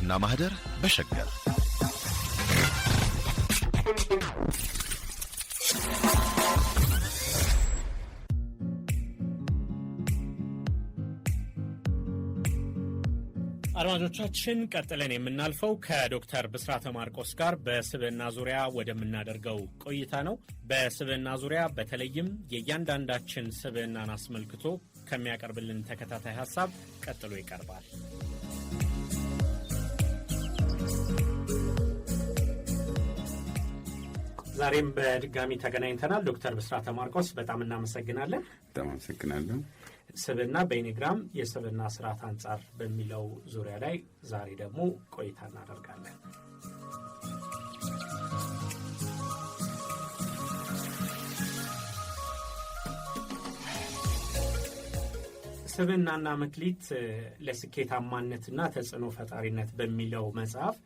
ታሪክና ማህደር በሸገር አድማጮቻችን ቀጥለን የምናልፈው ከዶክተር ብስራተ ማርቆስ ጋር በስብና ዙሪያ ወደምናደርገው ቆይታ ነው። በስብና ዙሪያ በተለይም የእያንዳንዳችን ስብናን አስመልክቶ ከሚያቀርብልን ተከታታይ ሀሳብ ቀጥሎ ይቀርባል። ዛሬም በድጋሚ ተገናኝተናል። ዶክተር ብስራተ ማርቆስ በጣም እናመሰግናለን። በጣም አመሰግናለሁ። ስብና በኢኔግራም የስብና ስርዓት አንጻር በሚለው ዙሪያ ላይ ዛሬ ደግሞ ቆይታ እናደርጋለን። ስብናና መክሊት ለስኬታማነትና ተጽዕኖ ፈጣሪነት በሚለው መጽሐፍ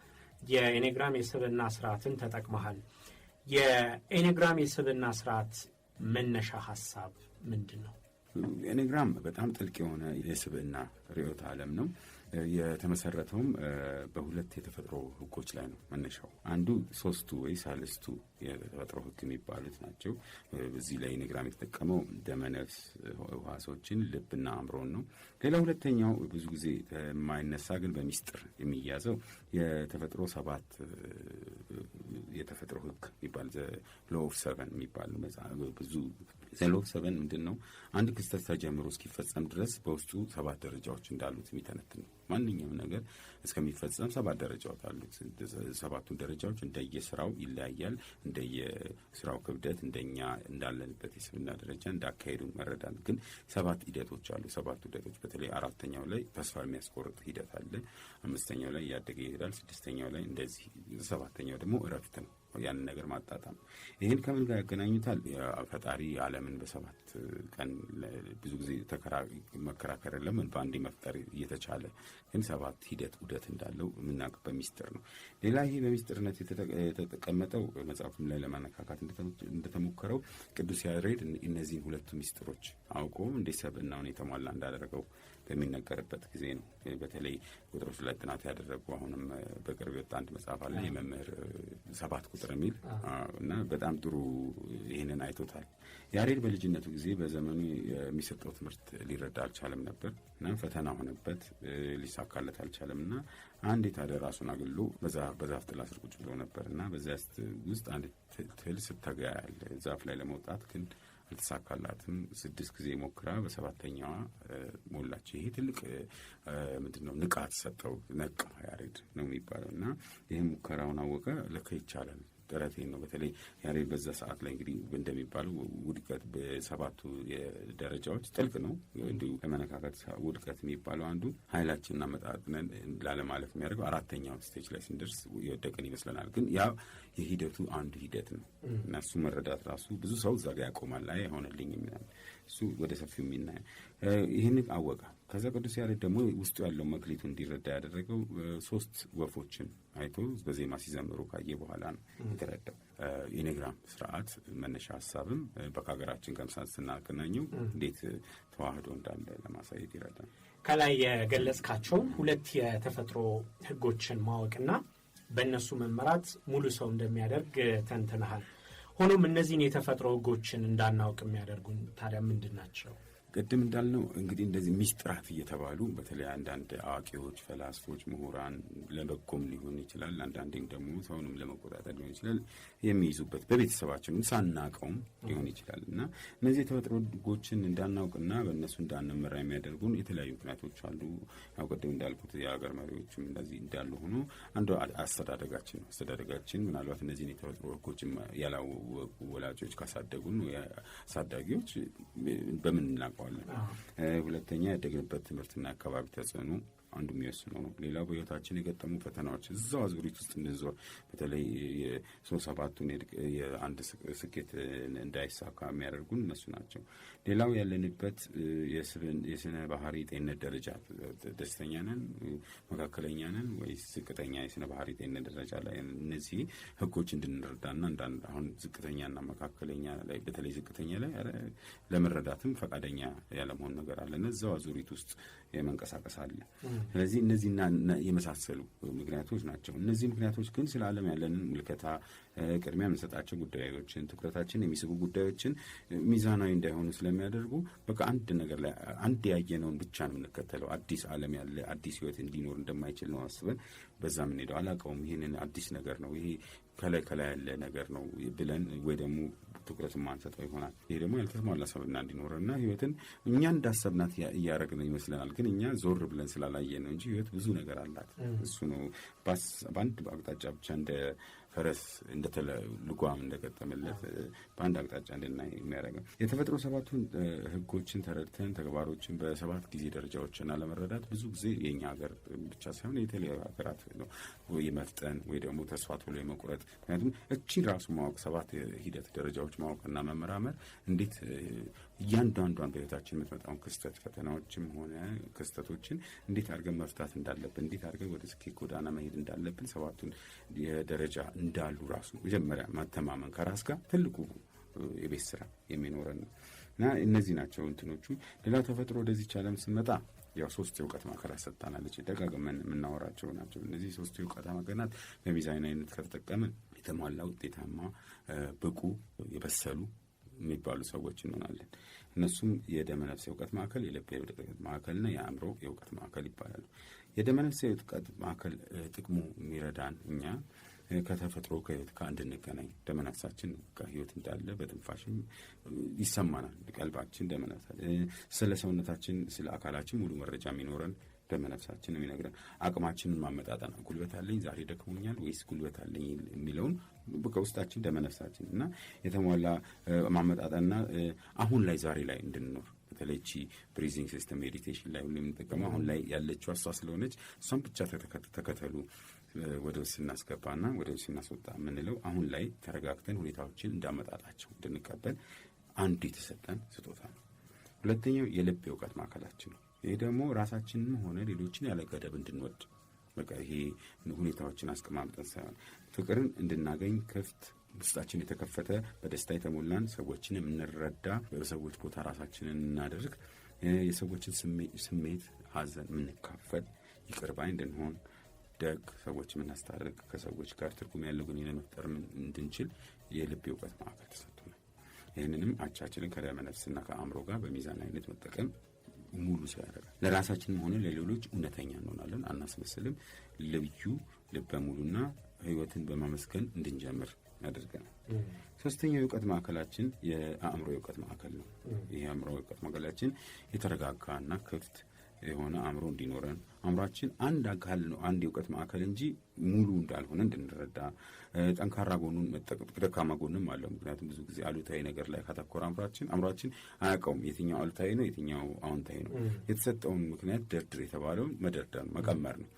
የኢኔግራም የስብና ስርዓትን ተጠቅመሃል የኤኔግራም የስብና ስርዓት መነሻ ሀሳብ ምንድን ነው? ኤኔግራም በጣም ጥልቅ የሆነ የስብዕና ርዕዮተ ዓለም ነው። የተመሰረተውም በሁለት የተፈጥሮ ህጎች ላይ ነው። መነሻው አንዱ ሶስቱ ወይ ሳልስቱ የተፈጥሮ ህግ የሚባሉት ናቸው። በዚህ ላይ ኤኔግራም የተጠቀመው ደመነፍስ ህዋሶችን፣ ልብና አእምሮን ነው። ሌላ ሁለተኛው ብዙ ጊዜ የማይነሳ ግን በሚስጥር የሚያዘው የተፈጥሮ ሰባት የተፈጥሮ ህግ የሚባል ሎ ኦፍ ሰቨን የሚባል ብዙ ዘሎ ሰቨን ምንድን ነው? አንድ ክስተት ተጀምሮ እስኪፈጸም ድረስ በውስጡ ሰባት ደረጃዎች እንዳሉት የሚተነትን ነው። ማንኛውም ነገር እስከሚፈጸም ሰባት ደረጃዎች አሉት። ሰባቱን ደረጃዎች እንደየስራው ይለያያል። እንደየስራው ክብደት፣ እንደኛ እንዳለንበት የስብና ደረጃ እንዳካሄዱ መረዳት ግን ሰባት ሂደቶች አሉ። ሰባቱ ሂደቶች በተለይ አራተኛው ላይ ተስፋ የሚያስቆርጥ ሂደት አለ። አምስተኛው ላይ እያደገ ይሄዳል። ስድስተኛው ላይ እንደዚህ፣ ሰባተኛው ደግሞ እረፍት ነው። ያንን ነገር ማጣጣም። ይህን ከምን ጋር ያገናኙታል? ፈጣሪ ዓለምን በሰባት ቀን ብዙ ጊዜ መከራከር ለምን በአንዴ መፍጠር እየተቻለ ግን ሰባት ሂደት ውደት እንዳለው የምናውቅ በሚስጥር ነው። ሌላ ይሄ በሚስጥርነት የተቀመጠው መጽሐፉም ላይ ለማነካካት እንደተሞከረው ቅዱስ ያሬድ እነዚህን ሁለቱ ሚስጥሮች አውቆ እንዴት ሰብእናውን የተሟላ እንዳደረገው በሚነገርበት ጊዜ ነው። በተለይ ቁጥሮች ላይ ጥናት ያደረጉ አሁንም በቅርብ የወጣ አንድ መጽሐፍ አለ የመምህር ሰባት ቁጥር ሚስጥር የሚል እና በጣም ጥሩ ይህንን አይቶታል። ያሬድ በልጅነቱ ጊዜ በዘመኑ የሚሰጠው ትምህርት ሊረዳ አልቻለም ነበር እና ፈተና ሆነበት፣ ሊሳካለት አልቻለም እና አንድ የታደ ራሱን አግሎ በዛፍ ጥላ ስር ቁጭ ብሎ ነበር እና በዚያ ውስጥ አንድ ትል ስተጋያል ዛፍ ላይ ለመውጣት ግን አልተሳካላትም። ስድስት ጊዜ ሞክራ በሰባተኛዋ ሞላች። ይሄ ትልቅ ምንድን ነው ንቃት ሰጠው። ነቃ ያሬድ ነው የሚባለው እና ይህም ሙከራውን አወቀ። ለከ ይቻላል ጥረቴን ነው። በተለይ ያሬድ በዛ ሰዓት ላይ እንግዲህ እንደሚባለው ውድቀት በሰባቱ ደረጃዎች ጥልቅ ነው። እንዲሁ ለመነካከት ውድቀት የሚባለው አንዱ ኃይላችንና መጣጥነን ላለማለፍ የሚያደርገው አራተኛው ስቴጅ ላይ ስንደርስ የወደቀን ይመስለናል። ግን ያ የሂደቱ አንዱ ሂደት ነው እና እሱ መረዳት ራሱ ብዙ ሰው እዛ ጋር ያቆማል። አይ ሆነልኝ ምናምን እሱ ወደ ሰፊው የሚናየ ይህን አወቃ ከዛ ቅዱስ ያሬድ ደግሞ ውስጡ ያለው መክሊቱ እንዲረዳ ያደረገው ሶስት ወፎችን አይቶ በዜማ ሲዘምሩ ካየ በኋላ ነው የተረዳው። የኔግራም ስርዓት መነሻ ሀሳብም በከሀገራችን ከምሳት ስናገናኘው እንዴት ተዋህዶ እንዳለ ለማሳየት ይረዳል። ከላይ የገለጽካቸውን ሁለት የተፈጥሮ ህጎችን ማወቅና በእነሱ መመራት ሙሉ ሰው እንደሚያደርግ ተንትነሃል። ሆኖም እነዚህን የተፈጥሮ ህጎችን እንዳናውቅ የሚያደርጉን ታዲያ ምንድን ናቸው? ቅድም እንዳልነው እንግዲህ እንደዚህ ሚስጥራት እየተባሉ በተለይ አንዳንድ አዋቂዎች፣ ፈላስፎች፣ ምሁራን ለበጎም ሊሆን ይችላል፣ አንዳንዴም ደግሞ ሰውንም ለመቆጣጠር ሊሆን ይችላል የሚይዙበት በቤተሰባችንም ሳናቀውም ሊሆን ይችላል እና እነዚህ የተፈጥሮ ሕጎችን እንዳናውቅና በእነሱ እንዳንመራ የሚያደርጉን የተለያዩ ምክንያቶች አሉ። ያው ቅድም እንዳልኩት የሀገር መሪዎችም እንደዚህ እንዳሉ ሆኖ አንዱ አስተዳደጋችን ነው። አስተዳደጋችን ምናልባት እነዚህን የተፈጥሮ ህጎች ያላወቁ ወላጆች ካሳደጉን አሳዳጊዎች በምን እናውቀዋለን እናውቀዋለን። ሁለተኛ ያደግንበት ትምህርትና አካባቢ ተጽዕኖ አንዱ የሚወስነው ነው። ሌላው በህይወታችን የገጠሙ ፈተናዎች እዛው አዙሪት ውስጥ እንዞር። በተለይ የሶስት ሰባቱን የአንድ ስኬት እንዳይሳካ የሚያደርጉን እነሱ ናቸው። ሌላው ያለንበት የስነ ባህሪ ጤንነት ደረጃ ደስተኛ ነን፣ መካከለኛ ነን ወይ ዝቅተኛ የስነ ባህሪ ጤንነት ደረጃ ላይ እነዚህ ህጎች እንድንረዳና እንዳንድ አሁን ዝቅተኛና መካከለኛ ላይ በተለይ ዝቅተኛ ላይ ለመረዳትም ፈቃደኛ ያለመሆን ነገር አለ። እዛው አዙሪት ውስጥ የመንቀሳቀስ አለ። ስለዚህ እነዚህና የመሳሰሉ ምክንያቶች ናቸው። እነዚህ ምክንያቶች ግን ስለ ዓለም ያለንን ምልከታ፣ ቅድሚያ የምንሰጣቸው ጉዳዮችን፣ ትኩረታችን የሚስቡ ጉዳዮችን ሚዛናዊ እንዳይሆኑ ስለሚያደርጉ በቃ አንድ ነገር ላይ አንድ ያየነውን ብቻ ነው የምንከተለው። አዲስ ዓለም ያለ አዲስ ህይወት እንዲኖር እንደማይችል ነው አስበን በዛ ምንሄደው አላውቀውም፣ ይህንን አዲስ ነገር ነው ይሄ ከላይ ከላይ ያለ ነገር ነው ብለን ወይ ደግሞ ትኩረት ማንሰጠው ይሆናል። ይህ ደግሞ ያልተሟላ ሰብዕና እንዲኖረንና ህይወትን እኛ እንዳሰብናት እያደረግን ይመስለናል። ግን እኛ ዞር ብለን ስላላየ ነው እንጂ ህይወት ብዙ ነገር አላት። እሱ ነው በአንድ አቅጣጫ ብቻ እንደ ፈረስ ልጓም እንደገጠመለት በአንድ አቅጣጫ እንድናይ የሚያደርገው የተፈጥሮ ሰባቱን ህጎችን ተረድተን ተግባሮችን በሰባት ጊዜ ደረጃዎችና ለመረዳት ብዙ ጊዜ የኛ ሀገር ብቻ ሳይሆን የተለያዩ ሀገራት ነው የመፍጠን ወይ ደግሞ ተስፋ ቶሎ የመቁረጥ ምክንያቱም እቺን ራሱ ማወቅ ሰባት ሂደት ደረጃዎች ማወቅና መመራመር እንዴት እያንዳንዷን በህይወታችን የምትመጣውን ክስተት ፈተናዎችም ሆነ ክስተቶችን እንዴት አድርገን መፍታት እንዳለብን እንዴት አድርገን ወደ ስኬት ጎዳና መሄድ እንዳለብን ሰባቱን የደረጃ እንዳሉ ራሱ መጀመሪያ መተማመን ከራስ ጋር ትልቁ የቤት ስራ የሚኖረን ነው እና እነዚህ ናቸው እንትኖቹ። ሌላው ተፈጥሮ ወደዚህ ቻለም ስንመጣ ያው ሶስት የእውቀት ማዕከላት ሰጥታናለች። ደጋግመን የምናወራቸው ናቸው። እነዚህ ሶስት የእውቀት ማዕከላት አይነት ከተጠቀምን የተሟላ ውጤታማ፣ ብቁ፣ የበሰሉ የሚባሉ ሰዎች እንሆናለን። እነሱም የደመነፍስ የእውቀት ማዕከል፣ የልብ የእውቀት ማዕከልና የአእምሮ የእውቀት ማዕከል ይባላሉ። የደመነፍስ የእውቀት ማዕከል ጥቅሙ የሚረዳን እኛ ከተፈጥሮ ከህይወት ጋር እንድንገናኝ ደመነፍሳችን ከህይወት እንዳለ በትንፋሽም ይሰማናል። ቀልባችን ደመነፍሳችን ስለ ሰውነታችን ስለ አካላችን ሙሉ መረጃ የሚኖረን መነፍሳችን የሚነግረን አቅማችንን ማመጣጠን ጉልበት አለኝ ዛሬ ደክሞኛል ወይስ ጉልበት አለኝ የሚለውን ከውስጣችን ለመነፍሳችን እና የተሟላ ማመጣጠንና አሁን ላይ ዛሬ ላይ እንድንኖር በተለይ ቺ ብሪዚንግ ሲስተም ሜዲቴሽን ላይ ሁሉ የምንጠቀመው አሁን ላይ ያለችው እሷ ስለሆነች እሷን ብቻ ተከተሉ ወደ ውስጥ ስናስገባና ወደ ውስጥ ስናስወጣ የምንለው አሁን ላይ ተረጋግተን ሁኔታዎችን እንዳመጣጣቸው እንድንቀበል አንዱ የተሰጠን ስጦታ ነው። ሁለተኛው የልብ የእውቀት ማዕከላችን ነው። ይህ ደግሞ ራሳችንም ሆነ ሌሎችን ያለገደብ እንድንወድ በቃ ይሄ ሁኔታዎችን አስቀማምጠን ሳይሆን ፍቅርን እንድናገኝ ክፍት ውስጣችን የተከፈተ በደስታ የተሞላን ሰዎችን የምንረዳ በሰዎች ቦታ ራሳችንን እናደርግ የሰዎችን ስሜት አዘን የምንካፈል ይቅርባይ እንድንሆን ደግ ሰዎች የምናስታርቅ ከሰዎች ጋር ትርጉም ያለው ግን ለመፍጠር እንድንችል የልብ እውቀት ማዕከል ተሰጥቶናል። ይህንንም አቻችንን ከደመ ከአእምሮ ጋር አይነት መጠቀም ሙሉ ሰው ያደርጋል። ለራሳችንም ሆነ ለሌሎች እውነተኛ እንሆናለን፣ አናስመስልም። ልዩ ልበ ሙሉና ህይወትን በማመስገን እንድንጀምር ያደርገናል። ሶስተኛው የእውቀት ማዕከላችን የአእምሮ የእውቀት ማዕከል ነው። ይህ የአእምሮ የእውቀት ማዕከላችን የተረጋጋና ክፍት የሆነ አእምሮ እንዲኖረን አምራችን አንድ አካል ነው፣ አንድ የእውቀት ማዕከል እንጂ ሙሉ እንዳልሆነ እንድንረዳ ጠንካራ ጎኑን ደካማ ጎንም አለው። ምክንያቱም ብዙ ጊዜ አሉታዊ ነገር ላይ ካተኮረ አምራችን አምራችን አያውቀውም የትኛው አሉታዊ ነው የትኛው አዎንታዊ ነው። የተሰጠውን ምክንያት ደርድር የተባለውን መደርደር መቀመር ነው።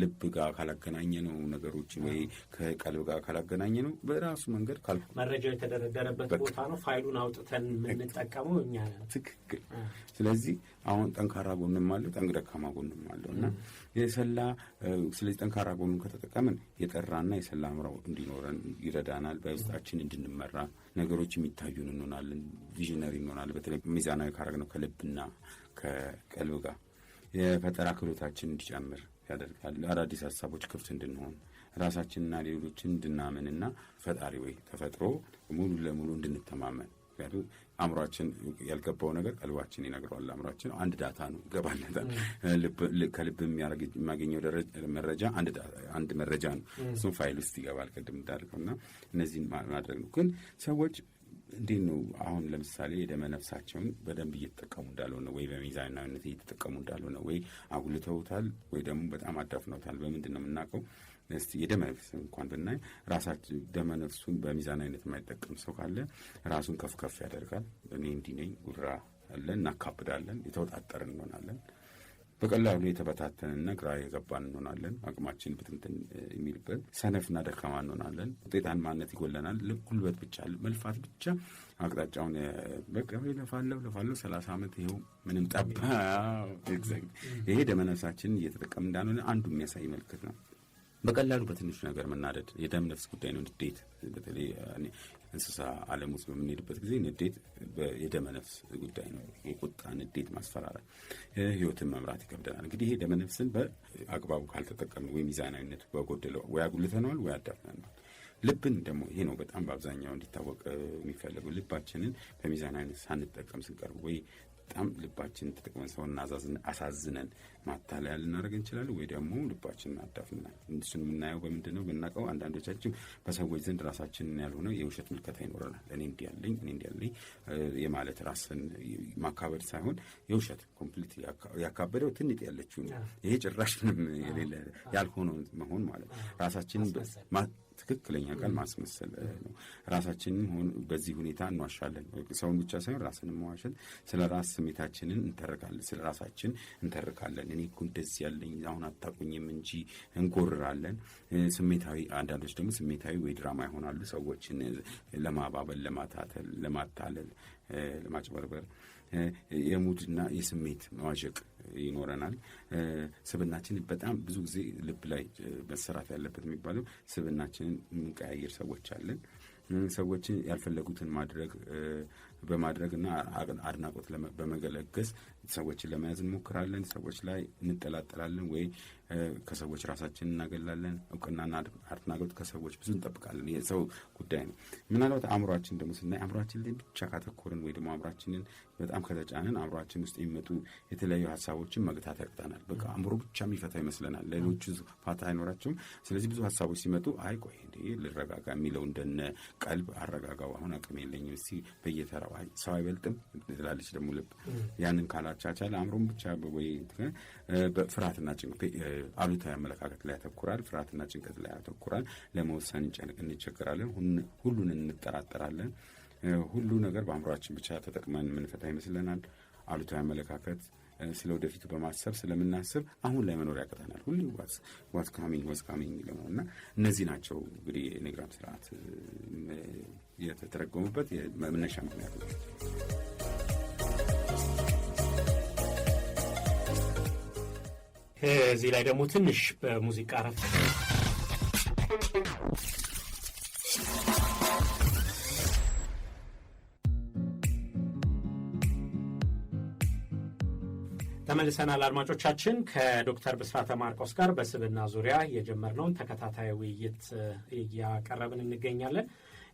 ልብ ጋር ካላገናኘ ነው ነገሮችን ወይ ከቀልብ ጋር ካላገናኘ ነው በራሱ መንገድ ካል መረጃው የተደረደረበት ቦታ ነው ፋይሉን አውጥተን የምንጠቀመው እኛ ትክክል። ስለዚህ አሁን ጠንካራ ጎንም አለው፣ ጠንቅ ደካማ ጎንም አለው እና የሰላ ስለዚህ ጠንካራ ጎኑን ከተጠቀምን የጠራና የሰላ አምራው እንዲኖረን ይረዳናል። በውስጣችን እንድንመራ ነገሮች የሚታዩን እንሆናለን። ቪዥነሪ እንሆናለን። በተለይ ሚዛናዊ ካረግ ነው ከልብና ከቀልብ ጋር የፈጠራ ክህሎታችን እንዲጨምር ያደርጋል። አዳዲስ ሀሳቦች ክፍት እንድንሆን ራሳችንና ሌሎችን እንድናምንና ፈጣሪ ወይ ተፈጥሮ ሙሉ ለሙሉ እንድንተማመን ምክንያቱም አእምሯችን ያልገባው ነገር ቀልባችን ይነግረዋል። አእምሯችን አንድ ዳታ ነው ገባለታል። ከልብ የሚያገኘው መረጃ አንድ መረጃ ነው። እሱም ፋይል ውስጥ ይገባል። ቅድም እንዳልከው እና እነዚህን ማድረግ ነው። ግን ሰዎች እንዴት ነው አሁን ለምሳሌ የደመ ነፍሳቸውን በደንብ እየተጠቀሙ እንዳልሆነ ወይ በሚዛናዊነት እየተጠቀሙ እንዳልሆነ ወይ አጉልተውታል ወይ ደግሞ በጣም አዳፍነውታል። በምንድን ነው የምናውቀው? የደመ ነፍስ እንኳን ብናይ ራሳችን ደመ ነፍሱን አይነት የማይጠቀም ሰው ካለ ራሱን ከፍ ከፍ ያደርጋል። እኔ እንዲህ ነኝ፣ ጉራ አለን፣ እናካብዳለን፣ የተወጣጠር እንሆናለን። በቀላሉ የተበታተንና ግራ የገባን እንሆናለን። አቅማችን ብትንትን የሚልበት ሰነፍና ደካማ እንሆናለን። ማነት ይጎለናል። ጉልበት ብቻ መልፋት ብቻ አቅጣጫውን በቃ ለፋለው ለፋለው ሰላሳ ዓመት ይኸው ምንም ጠባ። ይሄ ደመነፍሳችን እየተጠቀም እንዳንሆነ አንዱ የሚያሳይ ምልክት ነው። በቀላሉ በትንሹ ነገር መናደድ የደም ነፍስ ጉዳይ ነው። ንዴት በተለይ እንስሳ ዓለም ውስጥ በምንሄድበት ጊዜ ንዴት የደመ ነፍስ ጉዳይ ነው። የቁጣ ንዴት፣ ማስፈራራት ህይወትን መምራት ይከብደናል። እንግዲህ ይሄ ደመ ነፍስን በአግባቡ ካልተጠቀምን ወይ ሚዛናዊነት በጎደለው ወይ አጉልተነዋል ወይ አዳፍነነዋል። ልብን ደግሞ ይሄ ነው በጣም በአብዛኛው እንዲታወቅ የሚፈለገው ልባችንን በሚዛናዊነት ሳንጠቀም ስንቀርብ ወይ በጣም ልባችን ተጠቅመን ሰውን አሳዝነን ማታለያ ልናደርግ እንችላለን፣ ወይ ደግሞ ልባችን እናዳፍናል። እሱን የምናየው በምንድን ነው ብናቀው አንዳንዶቻችን በሰዎች ዘንድ ራሳችንን ያልሆነ የውሸት ምልከታ ይኖረናል። እኔ እንዲያለኝ እኔ እንዲያለኝ የማለት ራስን ማካበድ ሳይሆን የውሸት ኮምፕሊት ያካበደው ትንጥ ያለችው ይሄ ጭራሽ ያልሆነ መሆን ማለት ራሳችንን ትክክለኛ ቃል ማስመሰል ነው። ራሳችንን በዚህ ሁኔታ እንዋሻለን። ሰውን ብቻ ሳይሆን ራስን መዋሸል፣ ስለ ራስ ስሜታችንን እንተርካለን፣ ስለ ራሳችን እንተርካለን። እኔ እኮ እንደዚህ ያለኝ አሁን አታቁኝም እንጂ እንጎርራለን። ስሜታዊ አንዳንዶች ደግሞ ስሜታዊ ወይ ድራማ ይሆናሉ። ሰዎችን ለማባበል፣ ለማታተል ለማታለል፣ ለማጭበርበር የሙድና የስሜት መዋዠቅ ይኖረናል። ስብናችን በጣም ብዙ ጊዜ ልብ ላይ መሰራት ያለበት የሚባለው ስብናችንን የምንቀያየር ሰዎች አለን። ሰዎችን ያልፈለጉትን ማድረግ በማድረግ እና አድናቆት በመገለገስ ሰዎችን ለመያዝ እንሞክራለን። ሰዎች ላይ እንጠላጠላለን ወይ ከሰዎች ራሳችን እናገላለን። እውቅናና አድናቆት ከሰዎች ብዙ እንጠብቃለን። የሰው ጉዳይ ነው። ምናልባት አእምሯችን ደግሞ ስናይ አእምሯችን ላይ ብቻ ካተኮርን ወይ ደግሞ አእምሯችንን በጣም ከተጫንን አእምሯችን ውስጥ የሚመጡ የተለያዩ ሀሳቦችን መግታት ያቅተናል። በቃ አእምሮ ብቻ የሚፈታ ይመስለናል። ሌሎቹ ፋታ አይኖራቸውም። ስለዚህ ብዙ ሀሳቦች ሲመጡ አይ ቆይ ልረጋጋ የሚለው እንደነ ቀልብ አረጋጋው አሁን አቅም የለኝም እስኪ በየተራ ሰው አይበልጥም ትላለች ደግሞ ልብ። ያንን ካላቻቻል አእምሮም ብቻ ወይ ፍርሃትና ጭንቀት አሉታዊ አመለካከት ላይ ያተኩራል። ፍርሃትና ጭንቀት ላይ ያተኩራል። ለመወሰን እንቸገራለን። ሁሉን እንጠራጠራለን። ሁሉ ነገር በአእምሯችን ብቻ ተጠቅመን የምንፈታ ይመስለናል። አሉታዊ አመለካከት ስለ ወደፊቱ በማሰብ ስለምናስብ አሁን ላይ መኖር ያቅተናል። ሁሌ ዋትስ ካሚንግ ዋትስ ካሚንግ የሚለው እና እነዚህ ናቸው እንግዲህ የኢነግራም ስርዓት የተተረጎሙበት መነሻ ምክንያቶች። እዚህ ላይ ደግሞ ትንሽ በሙዚቃ ረፍ ተመልሰናል አድማጮቻችን። ከዶክተር ብስራተ ማርቆስ ጋር በስብና ዙሪያ የጀመርነውን ተከታታይ ውይይት እያቀረብን እንገኛለን።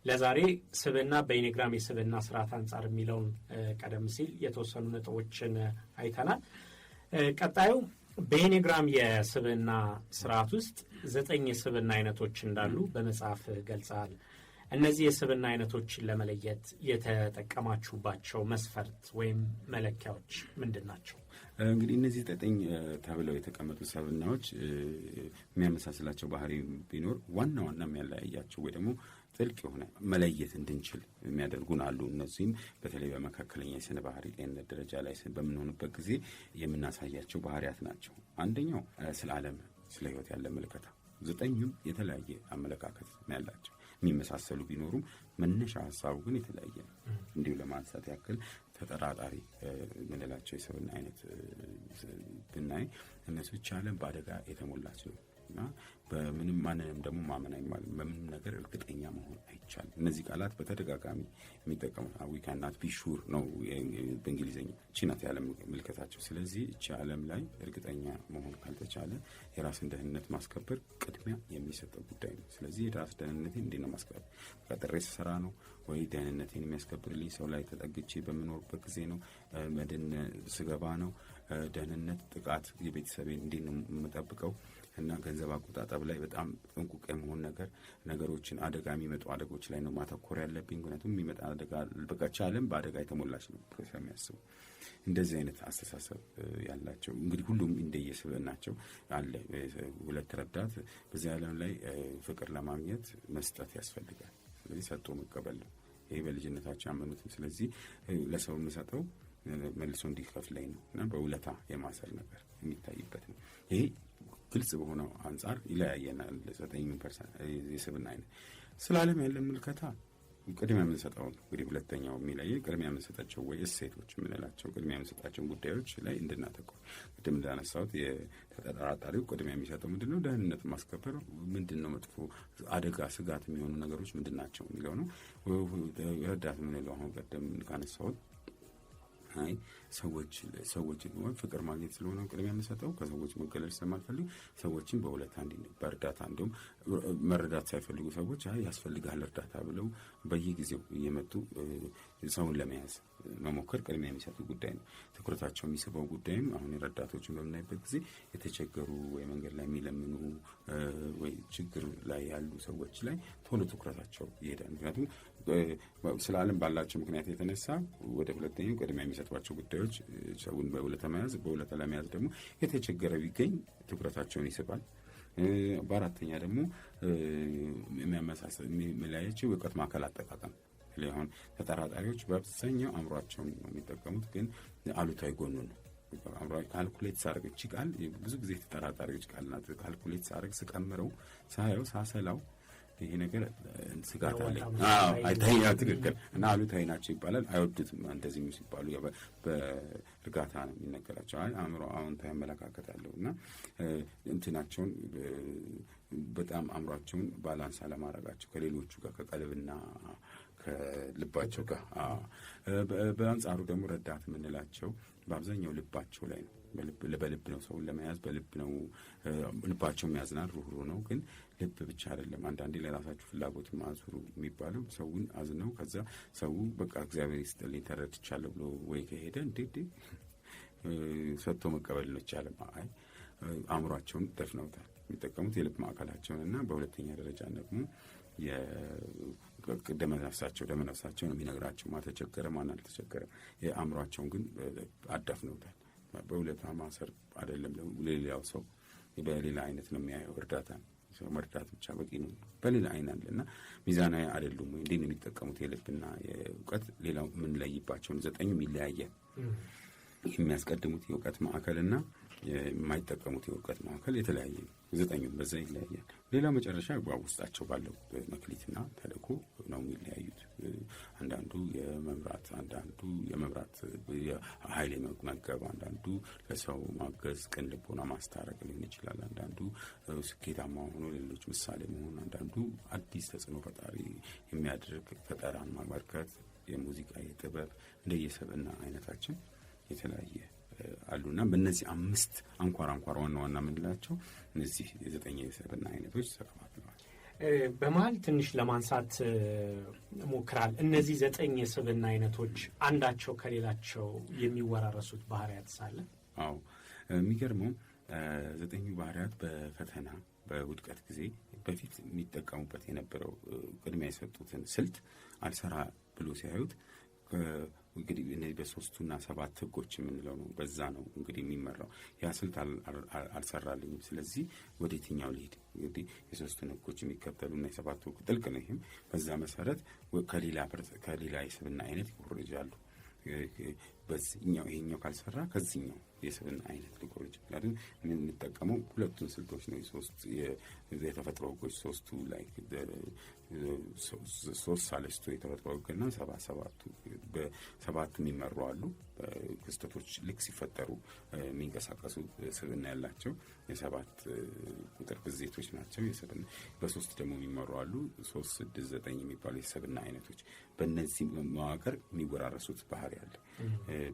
ለዛሬ ስብና በኢኒግራም የስብና ስርዓት አንጻር የሚለውን ቀደም ሲል የተወሰኑ ነጥቦችን አይተናል። ቀጣዩ በኢኒግራም የስብና ስርዓት ውስጥ ዘጠኝ የስብና አይነቶች እንዳሉ በመጽሐፍ ገልጸዋል። እነዚህ የስብና አይነቶችን ለመለየት የተጠቀማችሁባቸው መስፈርት ወይም መለኪያዎች ምንድን ናቸው? እንግዲህ እነዚህ ዘጠኝ ተብለው የተቀመጡ ሰብናዎች የሚያመሳስላቸው ባህሪ ቢኖር ዋና ዋና የሚያለያያቸው ወይ ደግሞ ጥልቅ የሆነ መለየት እንድንችል የሚያደርጉን አሉ። እነዚህም በተለይ በመካከለኛ የስነ ባህሪ ጤንነት ደረጃ ላይ በምንሆንበት ጊዜ የምናሳያቸው ባህሪያት ናቸው። አንደኛው ስለ ዓለም፣ ስለ ህይወት ያለ ምልከታ። ዘጠኙም የተለያየ አመለካከት ያላቸው የሚመሳሰሉ ቢኖሩም መነሻ ሀሳቡ ግን የተለያየ ነው። እንዲሁ ለማንሳት ያክል ተጠራጣሪ የምንላቸው የሰብና አይነት ብናይ እነሱ ቻለን በአደጋ የተሞላች ነው። እና በምንም ማንንም ደግሞ ማመን አይማል በምንም ነገር እርግጠኛ መሆን አይቻልም። እነዚህ ቃላት በተደጋጋሚ የሚጠቀሙት ዊ ካን ናት ነው በእንግሊዝኛ ቺናት የዓለም ምልከታቸው። ስለዚህ እቺ ዓለም ላይ እርግጠኛ መሆን ካልተቻለ የራስን ደህንነት ማስከበር ቅድሚያ የሚሰጠው ጉዳይ ነው። ስለዚህ የራስ ደህንነቴን እንዴት ነው ማስከበር? ቀጥሬ ስሰራ ነው ወይ ደህንነቴን የሚያስከብርልኝ ሰው ላይ ተጠግቼ በምኖርበት ጊዜ ነው? መድን ስገባ ነው ደህንነት፣ ጥቃት የቤተሰቤን እንዴት ነው የምጠብቀው እና ገንዘብ አቆጣጠብ ላይ በጣም ጥንቁቅ የመሆን ነገር ነገሮችን አደጋ የሚመጡ አደጎች ላይ ነው ማተኮር ያለብኝ። ምክንያቱም የሚመጣ አደጋ በቃች ዓለም በአደጋ የተሞላች ነው የሚያስቡ እንደዚህ አይነት አስተሳሰብ ያላቸው እንግዲህ ሁሉም እንደየስብዕናቸው አለ። ሁለት ረዳት በዚህ ዓለም ላይ ፍቅር ለማግኘት መስጠት ያስፈልጋል። ስለዚህ ሰጥቶ መቀበል ነው። ይሄ በልጅነታቸው ያመኑትም። ስለዚህ ለሰው የምሰጠው መልሶ እንዲከፍል ላይ ነው እና በውለታ የማሰር ነገር የሚታይበት ነው። ይሄ ግልጽ በሆነው አንጻር ይለያየናል። ዘጠኙ የስብና አይነት ስለ ዓለም ያለን ምልከታ ቅድሚያ የምንሰጠው ነው። እንግዲህ ሁለተኛው የሚለየ ቅድሚያ የምንሰጣቸው ወይ እሴቶች የምንላቸው ቅድሚያ የምንሰጣቸው ጉዳዮች ላይ እንድናተኩር። ቅድም እንዳነሳሁት የተጠራጣሪው ቅድሚያ የሚሰጠው ምንድን ነው? ደህንነት ማስከበር ምንድን ነው? መጥፎ አደጋ ስጋት የሚሆኑ ነገሮች ምንድን ናቸው የሚለው ነው። ረዳት የምንለው አሁን ቀደም ካነሳሁት አይ ሰዎች ሰዎች ፍቅር ማግኘት ስለሆነ ቅድሚያ የምንሰጠው ከሰዎች መገለል ስለማልፈልግ ሰዎችን በሁለት አንድ በእርዳታ እንዲሁም መረዳት ሳይፈልጉ ሰዎች አይ ያስፈልጋል እርዳታ ብለው በየጊዜው እየመጡ ሰውን ለመያዝ መሞከር ቅድሚያ የሚሰጡ ጉዳይ ነው። ትኩረታቸው የሚስበው ጉዳይም አሁን ረዳቶችን በምናይበት ጊዜ የተቸገሩ ወይ መንገድ ላይ የሚለምኑ ወይ ችግር ላይ ያሉ ሰዎች ላይ ቶሎ ትኩረታቸው ይሄዳል። ምክንያቱም ስለ ዓለም ባላቸው ምክንያት የተነሳ ወደ ሁለተኛው ቅድሚያ የሚሰጧቸው ጉዳዮች ሰውን በውለታ መያዝ፣ በውለታ ለመያዝ ደግሞ የተቸገረ ቢገኝ ትኩረታቸውን ይስባል። በአራተኛ ደግሞ የሚለያቸው የእውቀት ማዕከል አጠቃቀም ሊሆን ተጠራጣሪዎች በአብዛኛው አእምሯቸውን ነው የሚጠቀሙት፣ ግን አሉታዊ ጎኑ ነው ካልኩሌት ሳርግ እቺ ቃል ብዙ ጊዜ ተጠራጣሪዎች ቃል ናት። ካልኩሌት ሳርግ ስቀምረው ሳየው ሳሰላው ይሄ ነገር ስጋት አለ። አዎ ትክክል እና አሉ ታይ ናቸው ይባላል። አይወዱትም እንደዚህም ሲባሉ በእርጋታ ነው የሚነገራቸው። አይ አእምሮ አዎንታዊ አመለካከት አለው እና እንትናቸውን በጣም አእምሯቸውን ባላንስ አለማድረጋቸው ከሌሎቹ ጋር ከቀልብና ከልባቸው ጋር በአንጻሩ ደግሞ ረዳት የምንላቸው በአብዛኛው ልባቸው ላይ ነው። በልብ ነው ሰውን ለመያዝ በልብ ነው ልባቸው የሚያዝናል፣ ሩህሩህ ነው ግን ልብ ብቻ አይደለም። አንዳንዴ ለራሳችሁ ፍላጎት ማዙሩ የሚባለው ሰውን አዝነው ከዛ ሰው በቃ እግዚአብሔር ይስጥልኝ ተረድቻለሁ ብሎ ወይ ከሄደ እንዴ ሰጥቶ መቀበል ነው ይቻለም። አይ አእምሯቸውን ደፍነውታል። የሚጠቀሙት የልብ ማዕከላቸውን እና በሁለተኛ ደረጃ ደግሞ ደመነፍሳቸው ደመነፍሳቸው ነው የሚነግራቸው ማተቸገረ ማን አልተቸገረ። የአእምሯቸውን ግን አዳፍነውታል። በሁለታ ማሰር አይደለም ለሌላው ሰው በሌላ አይነት ነው የሚያየው እርዳታ ነው። ሰው መርዳት ብቻ በቂ ነው። በሌላ አይን አለ እና ሚዛናዊ አይደሉም ወይ እንዴት ነው የሚጠቀሙት? የልብና የእውቀት ሌላው የምንለይባቸውን ዘጠኝ ይለያያል። የሚያስቀድሙት የእውቀት ማዕከልና የማይጠቀሙት የእውቀት ማዕከል የተለያየ ነው። ዘጠኙም በዛ ይለያያል። ሌላ መጨረሻ ውስጣቸው ባለው መክሊትና ተልእኮ ነው የሚለያዩት። አንዳንዱ የመምራት አንዳንዱ የመምራት ኃይል መገብ፣ አንዳንዱ ለሰው ማገዝ፣ ቅን ልቦና ማስታረቅ ሊሆን ይችላል። አንዳንዱ ስኬታማ ሆኖ ሌሎች ምሳሌ መሆን፣ አንዳንዱ አዲስ ተጽዕኖ ፈጣሪ የሚያደርግ ፈጠራን ማበርከት፣ የሙዚቃ የጥበብ እንደየሰብና አይነታችን የተለያየ አሉና በእነዚህ አምስት አንኳር አንኳር ዋና ዋና የምንላቸው እነዚህ የዘጠኝ የሰብና አይነቶች ተከፋፍለዋል። በመሀል ትንሽ ለማንሳት ሞክራል። እነዚህ ዘጠኝ የስብና አይነቶች አንዳቸው ከሌላቸው የሚወራረሱት ባህሪያት ሳለ አዎ፣ የሚገርመው ዘጠኙ ባህሪያት በፈተና በውድቀት ጊዜ በፊት የሚጠቀሙበት የነበረው ቅድሚያ የሰጡትን ስልት አልሰራ ብሎ ሲያዩት እንግዲህ እነዚህ በሶስቱና ሰባት ህጎች የምንለው ነው። በዛ ነው እንግዲህ የሚመራው ያ ስልት አልሰራልኝም። ስለዚህ ወደ የትኛው ልሄድ? እንግዲህ የሶስቱን ህጎች የሚከተሉ የሚከተሉና የሰባቱ ህግ ጥልቅ ነው። ይህም በዛ መሰረት ከሌላ የስብና አይነት ይኮርጃሉ። በዚህኛው ይሄኛው ካልሰራ ከዚህኛው የስብና አይነት ሊኮረጅ ምክንያቱም የምንጠቀመው ሁለቱን ስልቶች ነው። የተፈጥሮ ህጎች ሶስቱ ላይ ሶስት ሳለስቱ የተፈጥሮ ህግና ሰባ ሰባቱ በሰባት የሚመሩ አሉ። ክስተቶች ልክ ሲፈጠሩ የሚንቀሳቀሱ ስብና ያላቸው የሰባት ቁጥር ብዜቶች ናቸው። የስብና በሶስት ደግሞ የሚመሩ አሉ። ሶስት፣ ስድስት፣ ዘጠኝ የሚባሉ የሰብና አይነቶች በእነዚህ መዋቅር የሚወራረሱት ባህሪ አለ።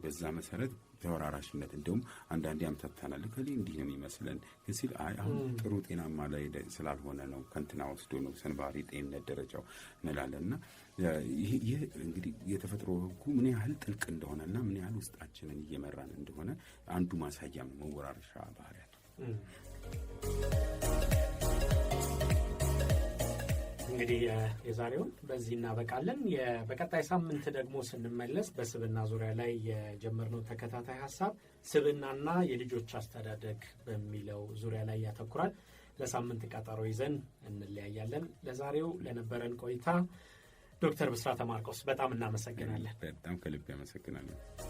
በዛ መሰረት ተወራራሽነት እንዲሁም አንዳንዴ አምታታናል ከሌ እንዲህ ነው የሚመስለን ግን ሲል አይ አሁን ጥሩ ጤናማ ላይ ስላልሆነ ነው ከንትና ወስዶ ነው ሰንባሪ ጤንነት ደረጃው እንላለን እና ይህ እንግዲህ የተፈጥሮ ህጉ ምን ያህል ጥልቅ እንደሆነ እንደሆነና ምን ያህል ውስጣችንን እየመራን እንደሆነ አንዱ ማሳያም መወራረሻ ባህሪያት እንግዲህ የዛሬውን በዚህ እናበቃለን። በቀጣይ ሳምንት ደግሞ ስንመለስ በስብና ዙሪያ ላይ የጀመርነው ተከታታይ ሀሳብ ስብናና የልጆች አስተዳደግ በሚለው ዙሪያ ላይ ያተኩራል። ለሳምንት ቀጠሮ ይዘን እንለያያለን። ለዛሬው ለነበረን ቆይታ ዶክተር ብስራተ ማርቆስ በጣም እናመሰግናለን። በጣም ከልብ አመሰግናለን።